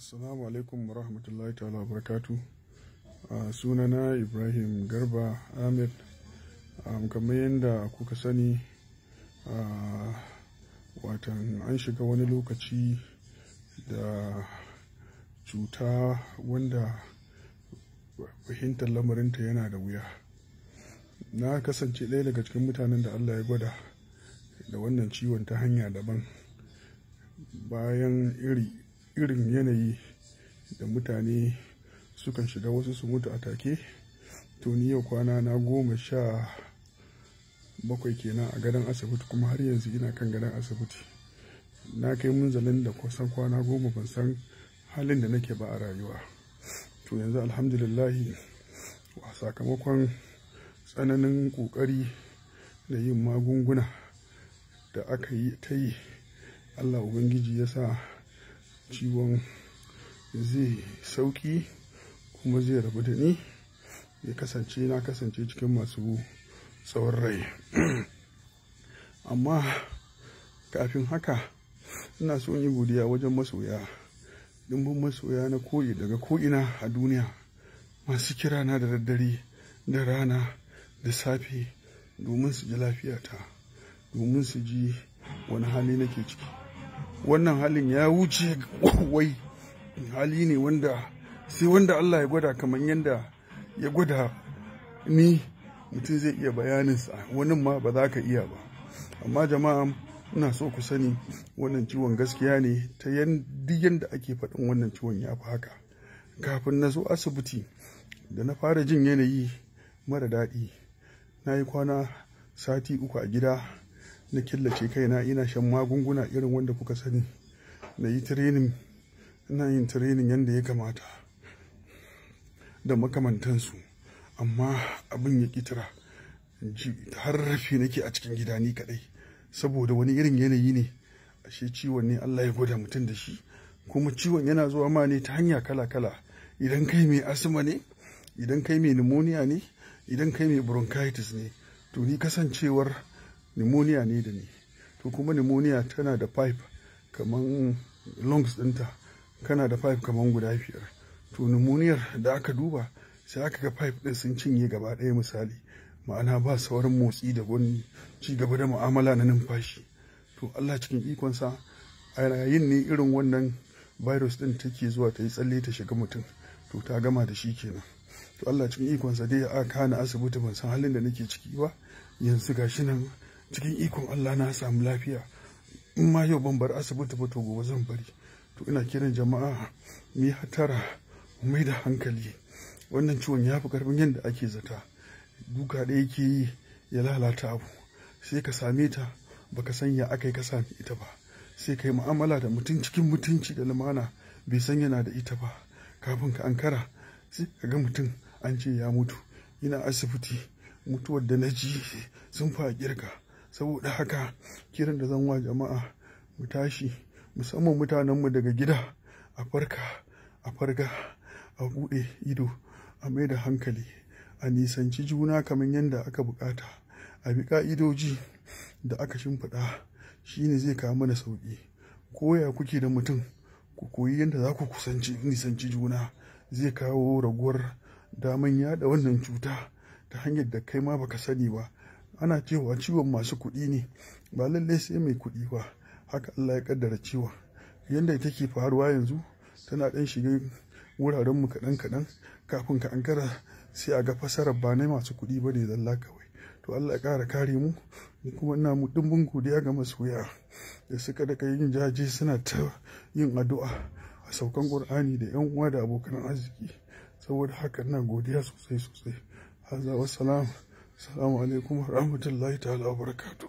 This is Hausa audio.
Assalamu alaikum wa rahmatullahi ta'ala wa barakatu. a sunana Ibrahim Garba Ahmed. Um, kamar yadda kuka sani a watan an shiga wani lokaci da cuta wanda fahimtar lamarinta yana da wuya. Na kasance ɗaya daga cikin mutanen da Allah ya gwada da wannan ciwon ta hanya daban bayan iri irin yanayi da mutane sukan shiga wasu su mutu a take to ni yau kwana na goma sha bakwai kenan a gadon asibiti kuma har yanzu ina kan gadon asibiti na kai mun munzalin da kusan kwana goma ban san halin da nake ba a rayuwa to yanzu alhamdulillahi a sakamakon tsananin kokari da yin magunguna da aka yi ta yi allah ubangiji ya sa ciwon zai sauki kuma zai rabu da ni ya kasance na kasance cikin masu tsawon rai amma kafin haka ina so yi godiya wajen masoya dimbin masoya na koyi daga ko'ina a duniya masu kirana da daddare da rana da safe domin su ji lafiyata domin su ji wani hali nake ciki wannan halin ya wuce wai hali ne wanda sai wanda Allah ya gwada kamar yadda ya gwada ni mutum zai iya bayaninsa wani ma ba za ka iya ba amma jama'a ina so ku sani wannan ciwon gaskiya ne ta yadda yadda ake faɗin wannan ciwon ya fi haka kafin na zo asibiti da na fara jin yanayi mara daɗi na yi kwana sati uku a gida na killace kaina ina shan magunguna irin wanda kuka sani na yi training ina yin training yadda ya kamata da makamantansu amma abin ya kitira har rafi nake a cikin gida ni kadai saboda wani irin yanayi ne ashe ciwon ne Allah ya gwada mutum da shi kuma ciwon yana zuwa ma ne ta hanya kala-kala idan kai mai asma ne idan kai mai pneumonia ne idan kai mai bronchitis ne to ni kasancewar pneumonia ne da ni to kuma pneumonia tana da pipe kaman lungs ɗinta kana da pipe kamar guda biyar to pneumonia da aka duba sai aka ga pipe ɗin sun cinye gaba ɗaya misali ma'ana ba sauran motsi da wani ci gaba da mu'amala na numfashi to Allah cikin ikonsa a yayin ne irin wannan virus ɗin take zuwa ta yi tsalle ta shiga mutum to ta gama da shi kenan to Allah cikin ikonsa dai aka kana asibiti ban san halin da nake ciki ba yanzu gashi nan cikin ikon Allah na samu lafiya in ma yau ban bar asibiti ba to gobe zan bari to ina kiran jama'a mu yi hatara mu mai da hankali wannan ciwon ya fi karfin yadda ake zata duka da yake yi ya lalata abu sai ka same ta baka san ya aka yi ka sami ita ba sai ka yi mu'amala da mutum cikin mutunci da lumana bai san yana da ita ba kafin ka ankara sai ka ga mutum an ce ya mutu ina asibiti mutuwar da na ji sun fa girka saboda haka kiran da zan wa jama'a mu tashi musamman mu daga gida a farka a farga a bude ido a mai da hankali a nisanci juna kamar yadda aka bukata a bi ka'idoji da aka shimfiɗa shine zai kawo mana sauƙi koya kuke da mutum ku koyi yadda za ku kusanci nisanci juna zai kawo raguwar daman yada wannan cuta ta hanyar da kai ma baka sani ba ana cewa ciwon masu kuɗi ne ba lallai sai mai kuɗi ba haka Allah ya kaddara ciwon yadda take faruwa yanzu tana ɗan shiga wuraren mu kaɗan kaɗan kafin ka ankara sai a ga fasarar ba na masu kuɗi ba ne zalla kawai to Allah ya ƙara kare mu kuma ina mu ɗumbin godiya ga masoya da suka daga yin jaje suna ta yin addu'a a saukan ƙur'ani da yan uwa da abokan arziki saboda haka ina godiya sosai sosai hazza wassalam Assalamu alaikum wa rahmatullahi ta'ala wa barakatuh.